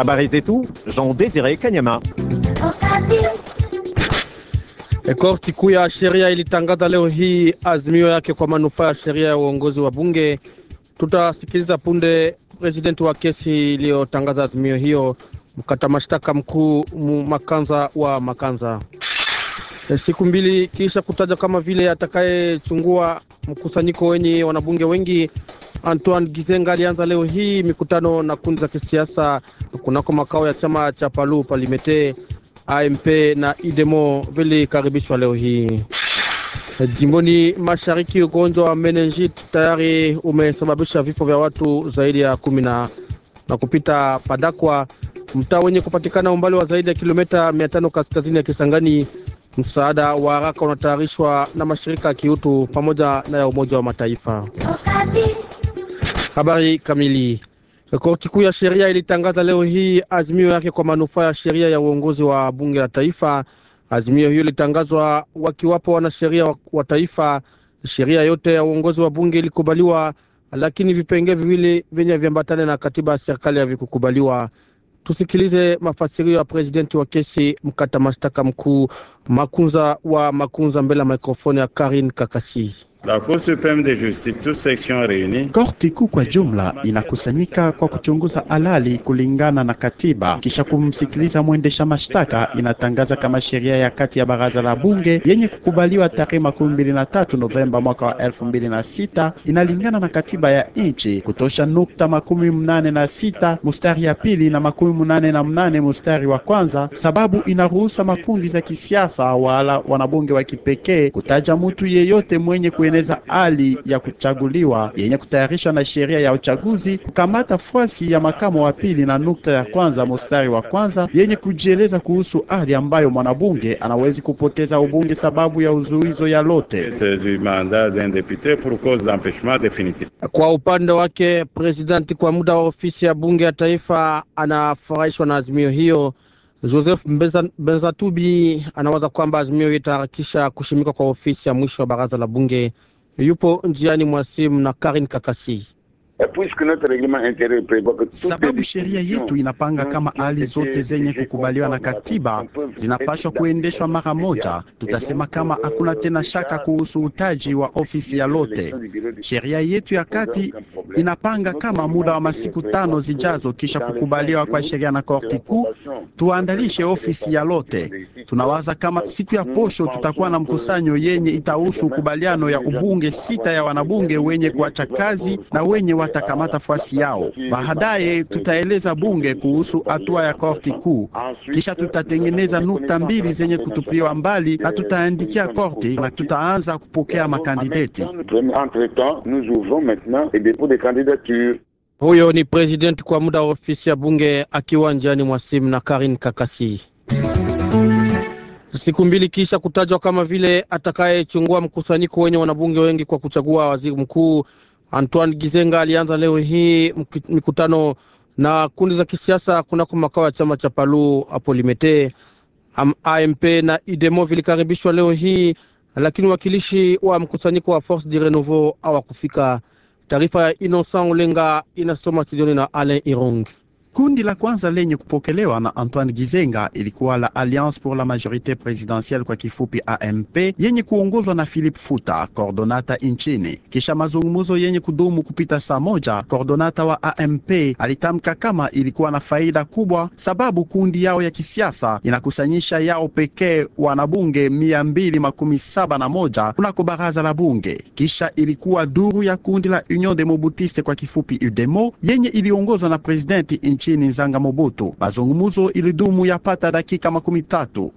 Habari zetu Jean désiré Kanyama. Korti kuu ya sheria ilitangaza leo hii azimio yake kwa manufaa ya sheria ya uongozi wa bunge. Tutasikiliza punde presidenti wa kesi iliyotangaza azimio hiyo, mkata mashtaka mkuu Makanza wa Makanza. E, siku mbili kisha kutaja kama vile atakayechungua mkusanyiko wenye wanabunge wengi Antoine Gizenga alianza leo hii mikutano na kundi za kisiasa kunako makao ya chama cha Palu Palimete. AMP na IDEMO vilikaribishwa leo hii. Jimboni mashariki, ugonjwa wa menenjiti tayari umesababisha vifo vya watu zaidi ya kumi na na kupita Padakwa, mtaa wenye kupatikana umbali wa zaidi ya kilomita tano kaskazini ya Kisangani. Msaada wa haraka unatayarishwa na mashirika ya kiutu pamoja na ya Umoja wa Mataifa Habari kamili. Korti kuu ya sheria ilitangaza leo hii azimio yake kwa manufaa ya sheria ya uongozi wa bunge la taifa. Azimio hiyo ilitangazwa wakiwapo wanasheria wa taifa. Sheria yote ya uongozi wa bunge ilikubaliwa, lakini vipengee viwili vyenye viambatane na katiba ya serikali havikukubaliwa. Tusikilize mafasirio ya presidenti wa kesi mkata mashtaka mkuu Makunza wa Makunza mbele ya mikrofoni ya Karin Kakasi. La Cour supreme de justice, toutes sections reunies. Korti kuu kwa jumla inakusanyika kwa kuchunguza halali kulingana na katiba, kisha kumsikiliza mwendesha mashtaka, inatangaza kama sheria ya kati ya baraza la bunge yenye kukubaliwa tarehe makumi mbili na tatu Novemba mwaka wa elfu mbili na sita inalingana na katiba ya nchi kutosha nukta makumi mnane na sita mustari ya pili na makumi mnane na mnane mustari wa kwanza, sababu inaruhusa makundi za kisiasa wala wanabunge wa kipekee kutaja mtu yeyote mwenye kwenye kutengeneza hali ya kuchaguliwa yenye kutayarishwa na sheria ya uchaguzi, kukamata fuasi ya makamo wa pili na nukta ya kwanza mstari wa kwanza yenye kujieleza kuhusu hali ambayo mwanabunge anawezi kupoteza ubunge sababu ya uzuizo ya lote kwa upande wake presidenti kwa muda wa ofisi ya bunge ya taifa anafurahishwa na azimio hiyo Joseph Benzatubi anawaza kwamba azimio itaharakisha kushimika kwa ofisi ya mwisho wa baraza la bunge. Yupo njiani mwa simu na Karin Kakasi puisque notre règlement intérieur prévoit que sababu sheria yetu inapanga kama hali zote zenye kukubaliwa na katiba zinapaswa kuendeshwa mara moja, tutasema kama hakuna euh, tena shaka kuhusu utaji wa ofisi ya lote. Sheria yetu ya kati inapanga kama muda wa masiku tano zijazo kisha kukubaliwa kwa sheria na korti kuu tuandalishe ofisi ya lote Tunawaza kama siku ya posho tutakuwa na mkusanyo yenye itahusu kubaliano ya ubunge sita ya wanabunge wenye kuacha kazi na wenye watakamata fasi yao. Baadaye tutaeleza bunge kuhusu hatua ya korti kuu, kisha tutatengeneza nukta mbili zenye kutupiwa mbali na tutaandikia korti na tutaanza kupokea makandideti. Huyo ni president kwa muda wa ofisi ya bunge akiwa njiani mwa simu na Karin Kakasi. Siku mbili kisha kutajwa kama vile atakayechungua mkusanyiko wenye wanabunge wengi kwa kuchagua waziri mkuu, Antoine Gizenga alianza leo hii mikutano na kundi za kisiasa kunako makao ya chama cha Palu Apolimete. AMP na Idemo vilikaribishwa leo hii, lakini wakilishi wa mkusanyiko wa Force du Renouveau hawakufika. Taarifa ya Innocent Ulenga inasoma studioni na Alain irung Kundi la kwanza lenye kupokelewa na Antoine Gizenga ilikuwa la Alliance pour la majorité Présidentielle, kwa kifupi AMP, yenye kuongozwa na Philip Futa, kordonata nchini. Kisha mazungumzo yenye kudumu kupita saa moja, kordonata wa AMP alitamka kama ilikuwa na faida kubwa, sababu kundi yao ya kisiasa inakusanyisha yao pekee wanabunge mia mbili makumi saba na moja kunako baraza la bunge. Kisha ilikuwa duru ya kundi la Union Demobutiste kwa kifupi UDEMO yenye iliongozwa na presidenti nchini Zanga Mobutu. Mazungumzo ilidumu yapata dakika makumi tatu.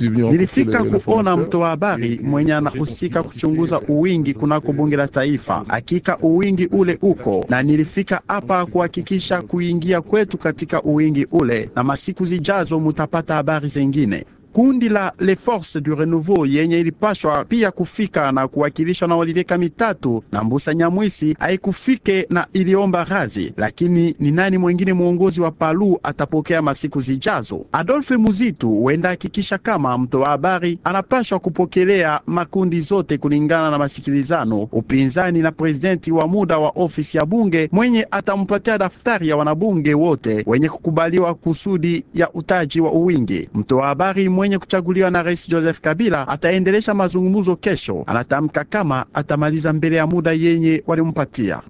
Nilifika kuona wa habari mwenye anahusika kuchunguza uwingi kunako bunge la taifa. Hakika uwingi ule uko na nilifika hapa kuhakikisha kuingia kwetu katika uwingi ule, na masiku zijazo mutapata habari zengine kundi la Le Force du Renouveau yenye ilipashwa pia kufika na kuwakilishwa na Olivier Kamitatu na Mbusa Nyamwisi haikufike na iliomba radhi, lakini ni nani mwengine mwongozi wa Palu atapokea masiku zijazo? Adolphe Muzitu huenda hakikisha kama wa habari anapashwa kupokelea makundi zote kulingana na masikilizano, upinzani na prezidenti wa muda wa ofisi ya bunge mwenye atampatia daftari ya wanabunge wote wenye kukubaliwa kusudi ya utaji wa uwingi wa habari mwenye kuchaguliwa na Rais Joseph Kabila ataendelesha mazungumzo kesho. Anatamka kama atamaliza mbele ya muda yenye walimpatia.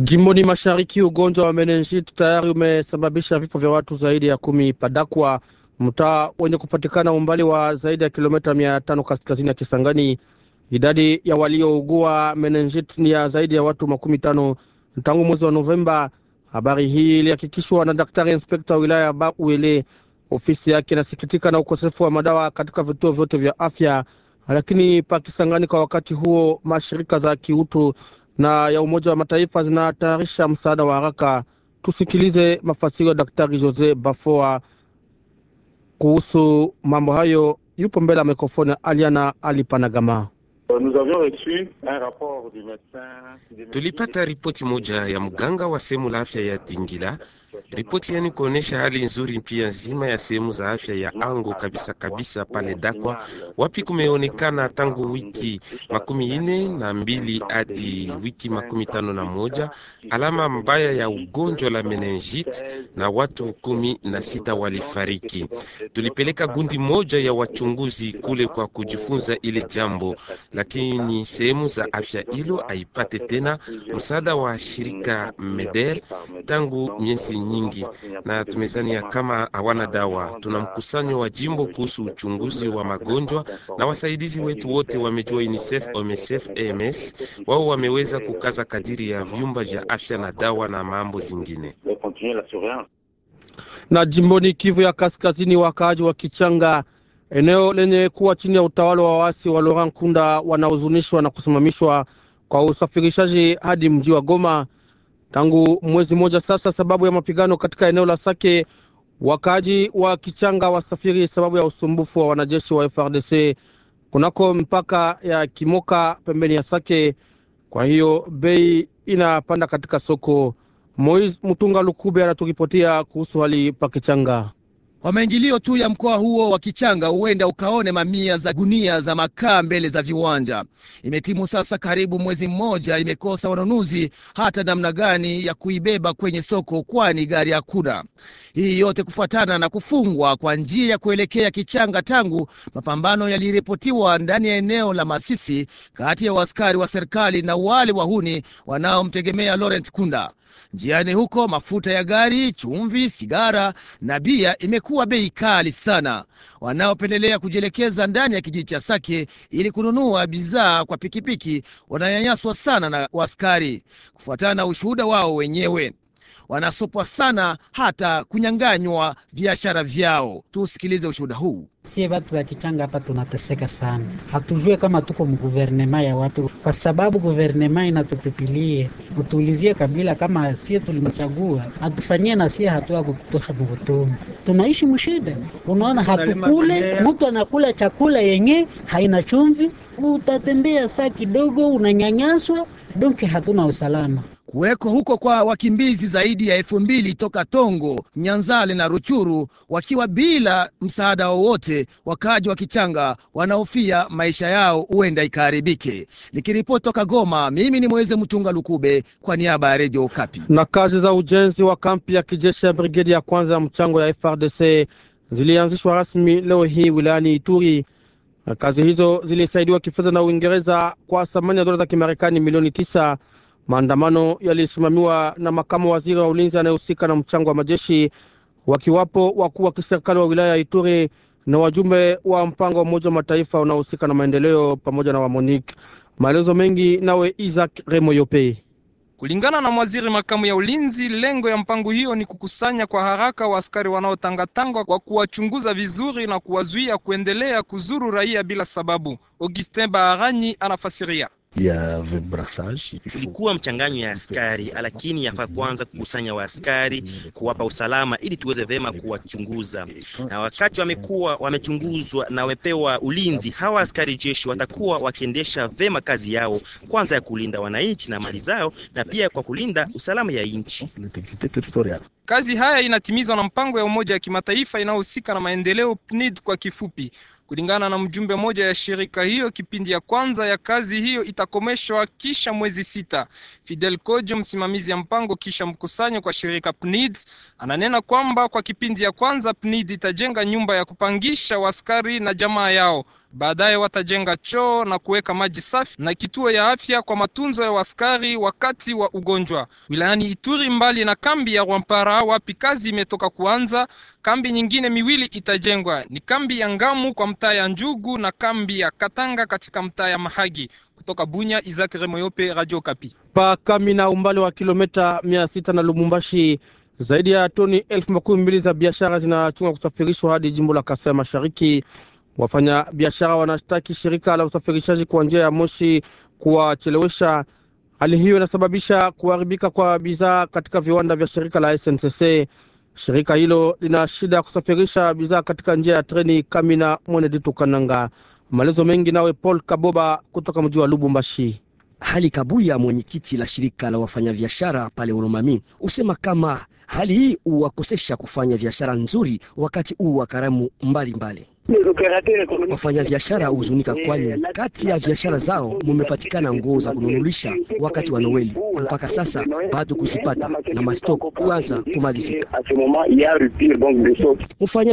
Jimboni mashariki, ugonjwa wa meningitis tayari umesababisha vifo vya watu zaidi ya kumi Padakwa, mtaa wenye kupatikana umbali wa zaidi ya kilomita mia tano kaskazini ya Kisangani. Idadi ya waliougua meningitis ni ya zaidi ya watu makumi tano tangu mwezi wa Novemba. Habari hii ilihakikishwa na daktari inspekta wilaya Bauele Ofisi yake inasikitika na ukosefu wa madawa katika vituo vyote vya afya, lakini pakisangani kwa wakati huo mashirika za kiutu na ya Umoja wa Mataifa zinatayarisha msaada wa haraka. Tusikilize mafasiri ya Daktari Jose Bafoa kuhusu mambo hayo. Yupo mbele ya mikrofoni Aliana Alipanagama. Euh, Tulipata ripoti moja ya mganga wa sehemu la afya ya Dingila. Ripoti yani kuonesha hali nzuri pia nzima ya sehemu za afya ya Ango kabisa kabisa pale Dakwa, wapi kumeonekana tangu wiki makumi ine na mbili hadi wiki makumi tano na moja alama mbaya ya ugonjwa la menenjit na watu kumi na sita walifariki. Tulipeleka gundi moja ya wachunguzi kule kwa kujifunza ile jambo la lakini sehemu za afya hilo haipate tena msaada wa shirika Medel tangu miezi nyingi, na tumezania kama hawana dawa. Tuna mkusanyo wa jimbo kuhusu uchunguzi wa magonjwa na wasaidizi wetu wote wamejua UNICEF, OMSF, AMS. Wao wameweza kukaza kadiri ya vyumba vya afya na dawa na mambo zingine na jimboni Kivu ya Kaskazini, wakaaji wa Kichanga eneo lenye kuwa chini ya utawala wa waasi wa Laurent kunda wanaozunishwa na kusimamishwa kwa usafirishaji hadi mji wa Goma tangu mwezi mmoja sasa, sababu ya mapigano katika eneo la Sake. Wakaaji wa Kichanga wasafiri sababu ya usumbufu wa wanajeshi wa FRDC kunako mpaka ya Kimoka pembeni ya Sake. Kwa hiyo bei inapanda katika soko. Moise Mutunga Lukube anaturipotia kuhusu hali pa Kichanga. Kwa maingilio tu ya mkoa huo wa Kichanga huenda ukaone mamia za gunia za makaa mbele za viwanja. Imetimu sasa karibu mwezi mmoja, imekosa wanunuzi, hata namna gani ya kuibeba kwenye soko, kwani gari hakuna. Hii yote kufuatana na kufungwa kwa njia ya kuelekea Kichanga tangu mapambano yaliripotiwa ndani ya eneo la Masisi kati ya waskari wa serikali na wale wahuni wanaomtegemea Laurent Kunda. Njiani huko mafuta ya gari, chumvi, sigara na bia imeku kuwa bei kali sana. Wanaopendelea kujielekeza ndani ya kijiji cha Sake ili kununua bidhaa kwa pikipiki wananyanyaswa sana na askari, kufuatana na ushuhuda wao wenyewe wanasopwa sana hata kunyanganywa biashara vyao. Tusikilize ushuhuda huu. Sie vatu ba Kichanga hapa tunateseka sana, hatujue kama tuko mguvernema ya watu, kwa sababu guvernema inatutupilie utuulizie kabila kama sie tulimchagua atufanyie na sie hatua kutosha mgutuma, tunaishi mshida. Unaona, hatukule mtu anakula chakula yenye haina chumvi, utatembea saa kidogo unanyanyaswa, donke hatuna usalama kuweko huko kwa wakimbizi zaidi ya elfu mbili toka Tongo, Nyanzale na Ruchuru wakiwa bila msaada wowote. Wakaaji wa Kichanga wanahofia maisha yao huenda ikaharibike. Nikiripoti toka Goma, mimi ni Mweze Mtunga Lukube kwa niaba ya Redio Okapi. Na kazi za ujenzi wa kampi ya kijeshi ya brigedi ya kwanza ya mchango ya FRDC zilianzishwa rasmi leo hii wilayani Ituri. Kazi hizo zilisaidiwa kifedha na Uingereza kwa thamani ya dola za Kimarekani milioni tisa. Maandamano yalisimamiwa na makamu waziri wa ulinzi anayehusika na mchango wa majeshi, wakiwapo wakuu wa kiserikali wa wilaya ya Ituri na wajumbe wa mpango wa Umoja wa Mataifa unaohusika na maendeleo pamoja na wamonik. Maelezo mengi nawe Isaac Remoyope. Kulingana na mwaziri makamu ya ulinzi, lengo ya mpango hiyo ni kukusanya kwa haraka wa askari wanaotangatanga kwa kuwachunguza vizuri na kuwazuia kuendelea kuzuru raia bila sababu. Augustin Baharanyi anafasiria ya vibrasaji ilikuwa mchanganyo ya askari, lakini yafaa kwanza kukusanya waaskari, kuwapa usalama ili tuweze vema kuwachunguza. Na wakati wamekuwa wamechunguzwa na wamepewa ulinzi, hawa askari jeshi watakuwa wakiendesha vema kazi yao, kwanza ya kulinda wananchi na mali zao, na pia kwa kulinda usalama ya nchi. Kazi haya inatimizwa na mpango ya Umoja wa Kimataifa inayohusika na maendeleo PNID kwa kifupi. Kulingana na mjumbe mmoja ya shirika hiyo, kipindi ya kwanza ya kazi hiyo itakomeshwa kisha mwezi sita. Fidel Kojo, msimamizi ya mpango kisha mkusanyo kwa shirika PNID, ananena kwamba kwa kipindi ya kwanza PNID itajenga nyumba ya kupangisha waskari na jamaa yao. Baadaye watajenga choo na kuweka maji safi na kituo ya afya kwa matunzo ya waskari wakati wa ugonjwa. Wilayani Ituri, mbali na kambi ya Rwampara wapi kazi imetoka kuanza, kambi nyingine miwili itajengwa, ni kambi ya Ngamu kwa mtaa ya Njugu na kambi ya Katanga katika mtaa ya Mahagi. Kutoka Bunya, Isaac Remoyope, Radio Kapi. na umbali wa kilomita mia sita na Lubumbashi. Zaidi ya toni elfu makumi mbili za biashara zinachunga kusafirishwa hadi jimbo la Kasai Mashariki. Wafanya biashara wanashtaki shirika la usafirishaji kwa njia ya moshi kuwachelewesha. Hali hiyo inasababisha kuharibika kwa bidhaa katika viwanda vya shirika la SNCC. Shirika hilo lina shida ya kusafirisha bidhaa katika njia ya treni Kamina Mweneditu Kananga. Maelezo mengi nawe Paul Kaboba kutoka mji wa Lubumbashi. Hali Kabuya, mwenyekiti la shirika la wafanyabiashara pale ulumami usema kama hali hii huwakosesha kufanya biashara nzuri wakati huu wa karamu mbalimbali mbali biashara huzunika, kwani kati ya biashara zao mumepatikana nguo za kununulisha wakati wa Noeli, mpaka sasa bado kuzipata na mastoko kuanza kumalizika.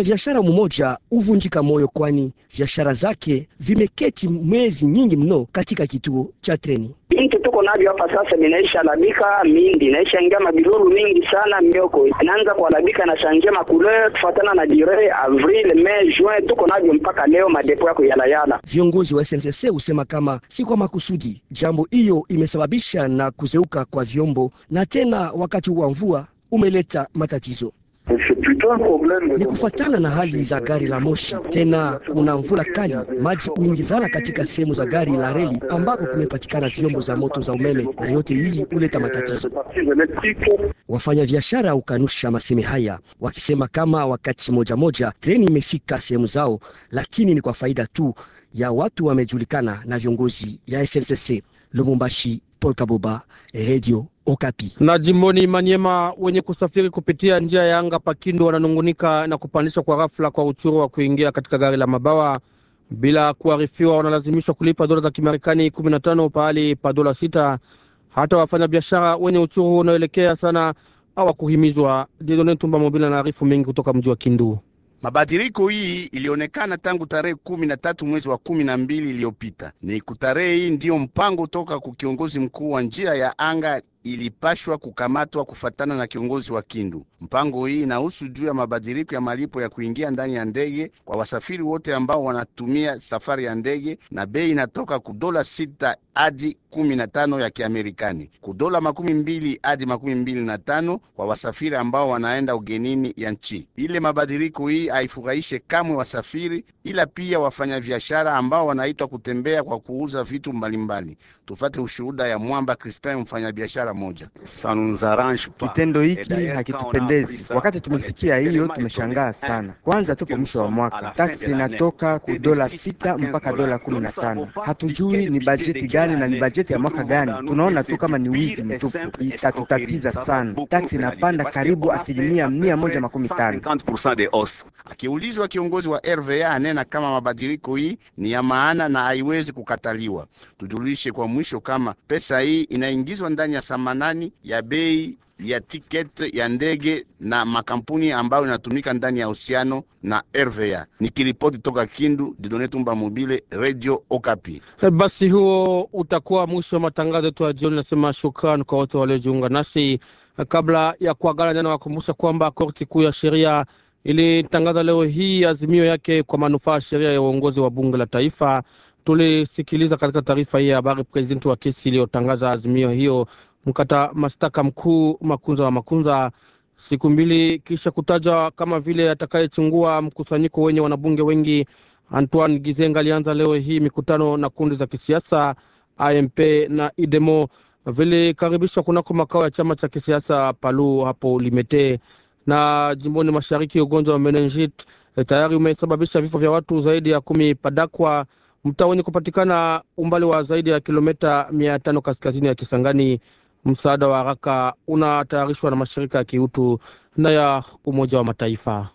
biashara mmoja huvunjika moyo, kwani biashara zake vimeketi mwezi nyingi mno katika kituo cha treni. Binti tuko navyo hapa sasa, binaisha labika mindi naisha ingia mabilulu mingi sana, mioko kwa kualabika na shangia makuleur tufatana na dire Avril, May, Juin, tuko navyo mpaka leo madepo yako kuyalayala Viongozi wa SNCC husema kama si kwa makusudi, jambo hiyo imesababisha na kuzeuka kwa vyombo na tena wakati wa mvua umeleta matatizo ni kufuatana na hali za gari la moshi. Tena kuna mvula kali, maji huingizana katika sehemu za gari la reli ambako kumepatikana vyombo za moto za umeme, na yote hii huleta matatizo. wafanya biashara hukanusha maseme haya, wakisema kama wakati moja moja treni imefika sehemu zao, lakini ni kwa faida tu ya watu wamejulikana na viongozi ya SNCC. Lubumbashi, Paul Kaboba, Radio Okapi. Na jimboni Manyema, wenye kusafiri kupitia njia ya anga Pakindu wananungunika na kupandishwa kwa ghafla kwa uchuru wa kuingia katika gari la mabawa bila kuarifiwa. Wanalazimishwa kulipa dola za Kimarekani kumi na tano pahali pa dola sita. Hata wafanyabiashara wenye uchuru unaoelekea sana hawakuhimizwa. Jedone Tumba Mobila na arifu mengi kutoka mji wa Kindu. Mabadiriko hii ilionekana tangu tarehe kumi na tatu mwezi wa kumi na mbili iliyopita. Ni kutarehe hii ndiyo mpango toka kwa kiongozi mkuu wa njia ya anga ilipashwa kukamatwa kufatana na kiongozi wa Kindu. Mpango hii inahusu juu ya mabadiliko ya malipo ya kuingia ndani ya ndege kwa wasafiri wote ambao wanatumia safari ya ndege, na bei inatoka kudola sita hadi kumi na tano ya Kiamerikani, kudola makumi mbili hadi makumi mbili na tano kwa wasafiri ambao wanaenda ugenini ya nchi ile. Mabadiliko hii haifurahishe kamwe wasafiri, ila pia wafanyabiashara ambao wanaitwa kutembea kwa kuuza vitu mbalimbali. Tufate ushuhuda ya Mwamba Crispin, mfanyabiashara mara moja. Kitendo hiki hakitupendezi. Wakati tumesikia hiyo, tumeshangaa eh, sana. Kwanza tupo mwisho wa mwaka, taksi inatoka ku dola sita mpaka dola kumi na tano. Hatujui ni bajeti gani na ni bajeti ya mwaka gani. Tunaona tu kama ni wizi mtupu, itatutatiza sana. Taksi inapanda karibu asilimia mia moja makumi tano. Akiulizwa kiongozi wa RVA anena kama mabadiliko hii ni ya maana na haiwezi kukataliwa. Tujulishe kwa mwisho kama pesa hii inaingizwa ndani ya thamanani ya bei ya tiketi ya ndege na makampuni ambayo inatumika ndani ya uhusiano na RVA. Nikiripoti toka Kindu, Didone Tumba Mobile, Radio Okapi. Eh, basi huo utakuwa mwisho wa matangazo yetu ya jioni. Nasema shukrani kwa wote waliojiunga nasi. Kabla ya kuagana, jana wakumbusha kwamba korti kuu ya sheria ilitangaza leo hii azimio yake kwa manufaa ya sheria ya uongozi wa bunge la taifa. Tulisikiliza katika taarifa hii ya habari prezidenti wa kesi iliyotangaza azimio hiyo mkata mashtaka mkuu Makunza wa Makunza siku mbili kisha kutajwa kama vile atakayechungua mkusanyiko wenye wanabunge wengi. Antoine Gizenga alianza leo hii mikutano na kundi za kisiasa IMP na IDEMO vilikaribishwa kunako makao ya chama cha kisiasa Palu hapo Limete. Na jimboni mashariki, ugonjwa wa menenjit eh, tayari umesababisha vifo vya watu zaidi ya kumi Padakwa, mtaa wenye kupatikana umbali wa zaidi ya kilometa mia tano kaskazini ya Kisangani. Msaada wa haraka unatayarishwa na mashirika ya kiutu na ya Umoja wa Mataifa.